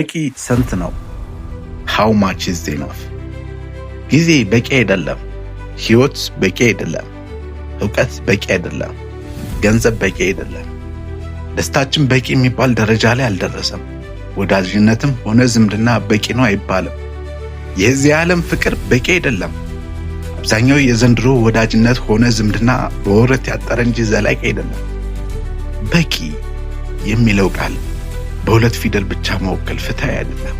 በቂ ስንት ነው? ሃው ማች ኢዝ ኢናፍ? ጊዜ በቂ አይደለም። ህይወት በቂ አይደለም። እውቀት በቂ አይደለም። ገንዘብ በቂ አይደለም። ደስታችን በቂ የሚባል ደረጃ ላይ አልደረሰም። ወዳጅነትም ሆነ ዝምድና በቂ ነው አይባልም። የዚህ ዓለም ፍቅር በቂ አይደለም። አብዛኛው የዘንድሮ ወዳጅነት ሆነ ዝምድና በወረት ያጠረ እንጂ ዘላቂ አይደለም። በቂ የሚለው ቃል በሁለት ፊደል ብቻ መወከል ፍትህ አይደለም።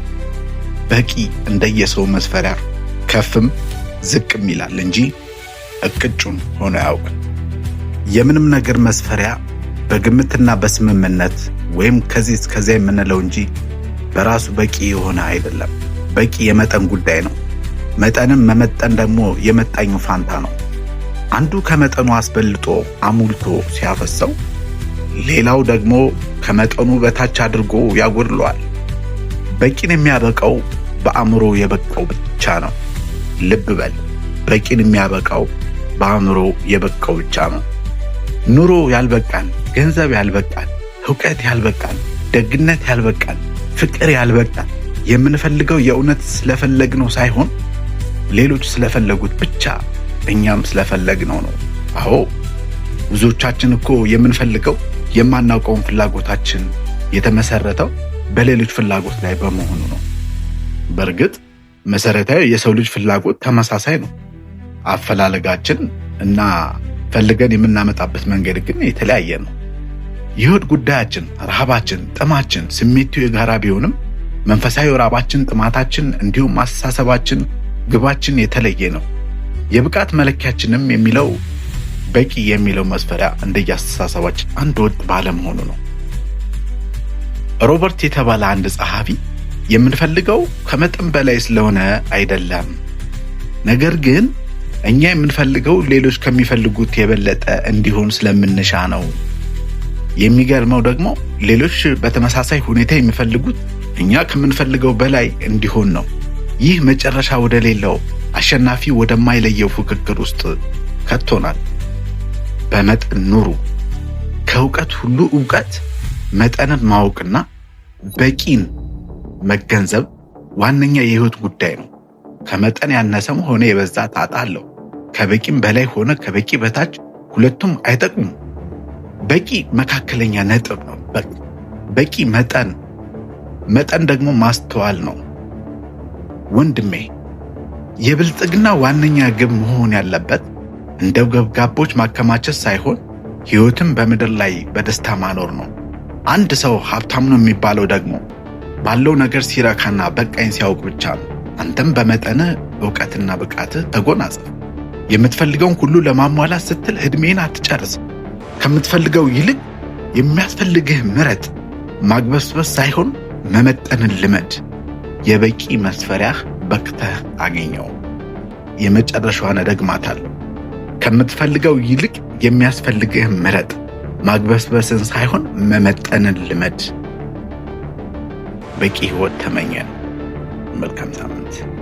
በቂ እንደየሰው መስፈሪያ ከፍም ዝቅም ይላል እንጂ እቅጩን ሆኖ ያውቅ። የምንም ነገር መስፈሪያ በግምትና በስምምነት ወይም ከዚህ እስከዚያ የምንለው እንጂ በራሱ በቂ የሆነ አይደለም። በቂ የመጠን ጉዳይ ነው። መጠንም መመጠን ደግሞ የመጣኙ ፋንታ ነው። አንዱ ከመጠኑ አስበልጦ አሙልቶ ሲያፈሰው ሌላው ደግሞ ከመጠኑ በታች አድርጎ ያጎድለዋል። በቂን የሚያበቃው በአእምሮ የበቃው ብቻ ነው። ልብ በል፣ በቂን የሚያበቃው በአእምሮ የበቃው ብቻ ነው። ኑሮ ያልበቃን፣ ገንዘብ ያልበቃን፣ እውቀት ያልበቃን፣ ደግነት ያልበቃን፣ ፍቅር ያልበቃን የምንፈልገው የእውነት ስለፈለግነው ሳይሆን ሌሎች ስለፈለጉት ብቻ እኛም ስለፈለግነው ነው። አዎ ብዙዎቻችን እኮ የምንፈልገው የማናውቀውን ፍላጎታችን የተመሰረተው በሌሎች ፍላጎት ላይ በመሆኑ ነው። በእርግጥ መሰረታዊ የሰው ልጅ ፍላጎት ተመሳሳይ ነው። አፈላለጋችን እና ፈልገን የምናመጣበት መንገድ ግን የተለያየ ነው። የሆድ ጉዳያችን፣ ረሃባችን፣ ጥማችን ስሜቱ የጋራ ቢሆንም መንፈሳዊ ራባችን፣ ጥማታችን እንዲሁም አስተሳሰባችን፣ ግባችን የተለየ ነው። የብቃት መለኪያችንም የሚለው በቂ የሚለው መስፈሪያ እንደየአስተሳሰባችን አንድ ወጥ ባለመሆኑ ነው። ሮበርት የተባለ አንድ ጸሐፊ የምንፈልገው ከመጠን በላይ ስለሆነ አይደለም፣ ነገር ግን እኛ የምንፈልገው ሌሎች ከሚፈልጉት የበለጠ እንዲሆን ስለምንሻ ነው። የሚገርመው ደግሞ ሌሎች በተመሳሳይ ሁኔታ የሚፈልጉት እኛ ከምንፈልገው በላይ እንዲሆን ነው። ይህ መጨረሻ ወደሌለው አሸናፊ ወደማይለየው ፉክክር ውስጥ ከቶናል። በመጠን ኑሩ። ከእውቀት ሁሉ እውቀት መጠንን ማወቅና በቂን መገንዘብ ዋነኛ የህይወት ጉዳይ ነው። ከመጠን ያነሰም ሆነ የበዛ ጣጣ አለው። ከበቂም በላይ ሆነ ከበቂ በታች ሁለቱም አይጠቅሙም። በቂ መካከለኛ ነጥብ ነው። በቂ መጠን መጠን ደግሞ ማስተዋል ነው። ወንድሜ የብልጽግና ዋነኛ ግብ መሆን ያለበት እንደ ገብጋቦች ማከማቸት ሳይሆን ሕይወትን በምድር ላይ በደስታ ማኖር ነው። አንድ ሰው ሀብታም ነው የሚባለው ደግሞ ባለው ነገር ሲረካና በቃኝ ሲያውቅ ብቻ ነው። አንተም በመጠነ እውቀትና ብቃት ተጎናጸፍ። የምትፈልገውን ሁሉ ለማሟላት ስትል ዕድሜን አትጨርስ። ከምትፈልገው ይልቅ የሚያስፈልግህ ምረጥ። ማግበስበስ ሳይሆን መመጠንን ልመድ። የበቂ መስፈሪያህ በክተህ አገኘው። የመጨረሻዋን ደግማታለሁ። ከምትፈልገው ይልቅ የሚያስፈልግህን ምረጥ። ማግበስበስን ሳይሆን መመጠንን ልመድ። በቂ ህይወት ተመኘን። መልካም ሳምንት